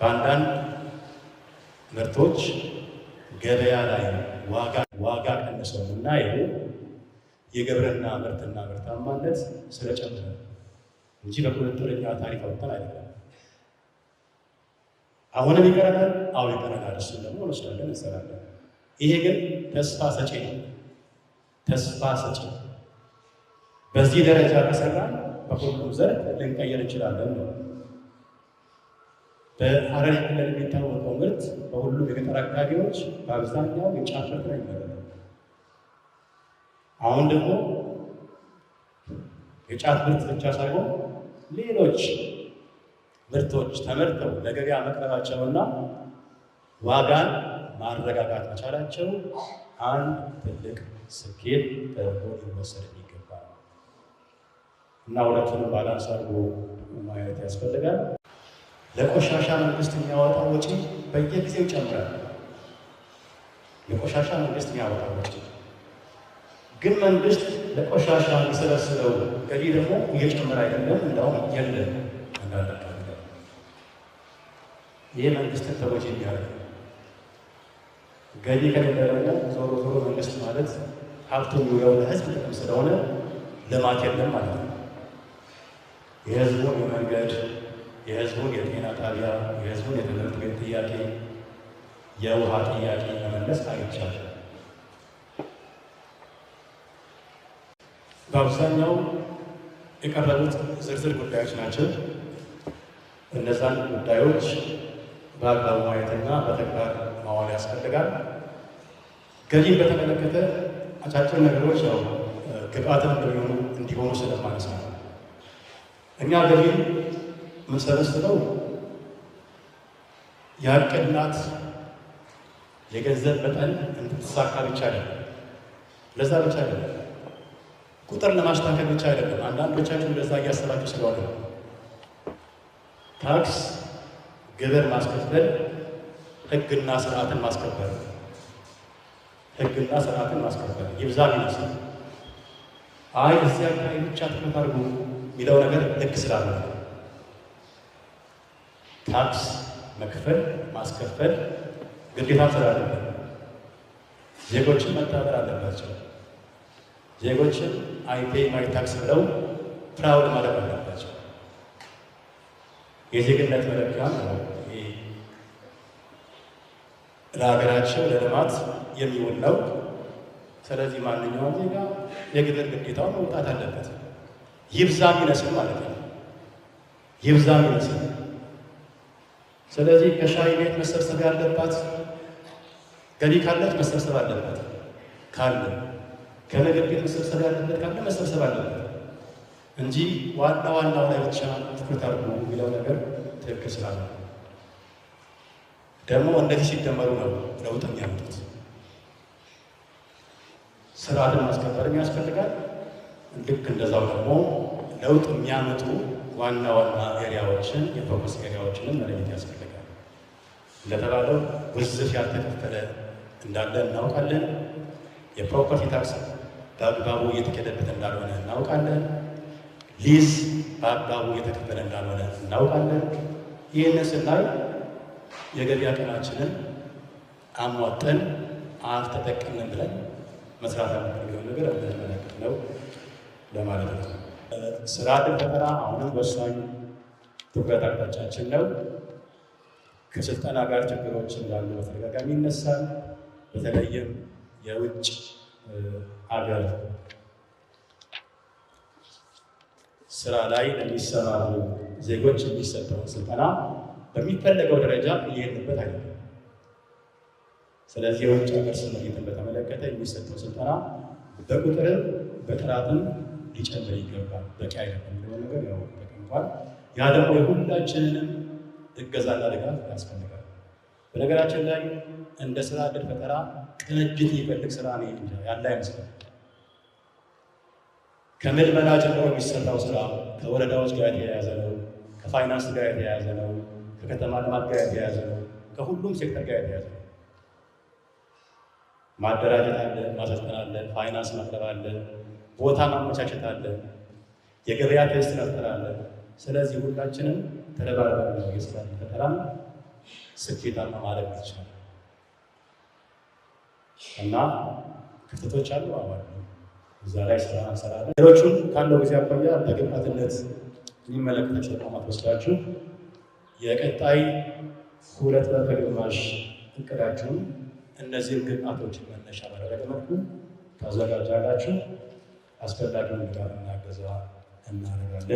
በአንዳንድ ምርቶች ገበያ ላይ ዋጋ ዋጋ ቀንሰው ይሄ የግብርና ምርትና ምርታማነት ስለጨመረ እንጂ በቁጥጥርኛ ታሪክ አውጥተን አይደለም። አሁንም ይቀረናል። አሁን ይቀረናል። እሱን ደግሞ እንወስዳለን፣ እንሰራለን። ይሄ ግን ተስፋ ሰጪ ነው። ተስፋ ሰጪ በዚህ ደረጃ ከሰራ በሁሉም ዘርፍ ልንቀየር እንችላለን ነው በሐረሪ ክልል የሚታወቀው ምርት በሁሉም የገጠር አካባቢዎች በአብዛኛው የጫፍ ምርት ነው የሚመረተው። አሁን ደግሞ የጫፍ ምርት ብቻ ሳይሆን ሌሎች ምርቶች ተመርተው ለገበያ መቅረባቸውና ዋጋን ማረጋጋት መቻላቸው አንድ ትልቅ ስኬት ተደርጎ ሊወሰድ የሚገባ ነው እና ሁለቱንም ባላንስ አድርጎ ማየት ያስፈልጋል። ለቆሻሻ መንግስት የሚያወጣው ወጪ በየጊዜው ይጨምራል። የቆሻሻ መንግስት የሚያወጣው ወጪ ግን መንግስት ለቆሻሻ የሚሰበስበው ገቢ ደግሞ እየጨመረ አይደለም፣ እንዳውም የለም እንዳለቀ ይህ መንግስትን ተጎጂ የሚያደርግ ገቢ ከሌለ ደግሞ ዞሮ ዞሮ መንግስት ማለት ሀብቱ የሚውለው ለህዝብ ጥቅም ስለሆነ ልማት የለም ማለት ነው። የህዝቡን የመንገድ የህዝቡን የጤና ጣቢያ የህዝቡን የትምህርት ቤት ጥያቄ የውሃ ጥያቄ መመለስ አይቻልም። በአብዛኛው የቀረቡት ዝርዝር ጉዳዮች ናቸው። እነዛን ጉዳዮች በአግባቡ ማየትና በተግባር ማዋል ያስፈልጋል። ገቢን በተመለከተ አጫጭር ነገሮች ያው ግብአትን እንደሚሆኑ እንዲሆኑ ስለማነሳ ነው እኛ ገቢን የምሰበስበው ያቀናት የገንዘብ መጠን እንድትሳካ ብቻ አይደለም። ለዛ ብቻ አይደለም፣ ቁጥር ለማሽታከል ብቻ አይደለም። አንዳንዶቻችሁ ለዛ እያሰባችሁ ስለሆነ ታክስ ግብር ማስከፈል ህግና ስርዓትን ማስከበር ህግና ስርዓትን ማስከበር ይብዛ ይመስል አይ እዚያ አካባቢ ብቻ ትኩረት አድርጉ የሚለው ነገር ህግ ስላለ ታክስ መክፈል ማስከፈል ግዴታ ስላለበት ዜጎችን መተዳደር አለባቸው። ዜጎችን አይቴ ማይ ታክስ ብለው ፍራውድ ማለት አለባቸው። የዜግነት መለኪያ ለሀገራቸው ለልማት የሚውል ነው። ስለዚህ ማንኛውም ዜጋ የግብር ግዴታውን መውጣት አለበት። ይብዛም ይነስል ማለት ነው። ይብዛም ይነስል ስለዚህ ከሻይ ቤት መሰብሰብ ያለባት ገቢ ካላት መሰብሰብ አለበት ካለ ከነገር ቤት መሰብሰብ ያለበት ካለ መሰብሰብ አለበት እንጂ ዋና ዋናው ላይ ብቻ ትኩረት አድርጎ የሚለው ነገር ትክክል ስላለ ደግሞ እንደዚህ ሲደመሩ ነው ለውጥ የሚያመጡት። ስርዓትን ማስከበርም ያስፈልጋል። ልክ እንደዛው ደግሞ ለውጥ የሚያመጡ ዋና ዋና ኤሪያዎችን የፎከስ ኤሪያዎችንም መለየት ያስፈልጋል። እንደተባለው ውዝፍ ያልተከፈለ እንዳለ እናውቃለን። የፕሮፐርቲ ታክስ በአግባቡ እየተኬደበት እንዳልሆነ እናውቃለን። ሊዝ በአግባቡ እየተከፈለ እንዳልሆነ እናውቃለን። ይህን ስናይ የገቢ አቅማችንን አሟጠን አልተጠቀምንም ብለን መስራት ነገር ነው ለማለት ነው። ስራ ፈጠራ አሁንም ወሳኝ ትኩረት አቅጣጫችን ነው። ከስልጠና ጋር ችግሮች እንዳሉ በተደጋጋሚ ይነሳል። በተለይም የውጭ ሀገር ስራ ላይ ለሚሰማሩ ዜጎች የሚሰጠውን ስልጠና በሚፈለገው ደረጃ እየሄድንበት አይደለም። ስለዚህ የውጭ ሀገር ስንትን በተመለከተ የሚሰጠው ስልጠና በቁጥርም በጥራትም ሊጨምር ይገባል። በቂ አይደለም የሚለው ነገር ያው ተቀምጧል። ያ ደግሞ የሁላችንንም እገዛና ድጋፍ ያስፈልጋል። በነገራችን ላይ እንደ ስራ እድል ፈጠራ ቅንጅት የሚፈልግ ስራ ነው ያለ አይመስልም። ከምልመላ ጀምሮ የሚሰራው ስራ ከወረዳዎች ጋር የተያያዘ ነው፣ ከፋይናንስ ጋር የተያያዘ ነው፣ ከከተማ ልማት ጋር የተያያዘ ነው፣ ከሁሉም ሴክተር ጋር የተያያዘ ነው። ማደራጀት አለ፣ ማሰልጠን አለ፣ ፋይናንስ መቅረብ አለ ቦታ ማመቻቸት አለ፣ የገበያ ቴስት ነበራለ። ስለዚህ ሁላችንም ተደባረበ የስራ ፈጠራን ስኬታማ ማድረግ ይቻላል እና ክፍተቶች አሉ አዋል እዛ ላይ ስራ እንሰራለን። ሌሎቹን ካለው ጊዜ አኳያ በግብዓትነት የሚመለከታቸው ተቋማት ወስዳችሁ የቀጣይ ሁለት በተግማሽ ግማሽ እቅዳችሁን እነዚህም ግብዓቶችን መነሻ ባደረገ መልኩ ታዘጋጃላችሁ። አስፈላጊውን ድጋፍ እናገዛ እናደርጋለን።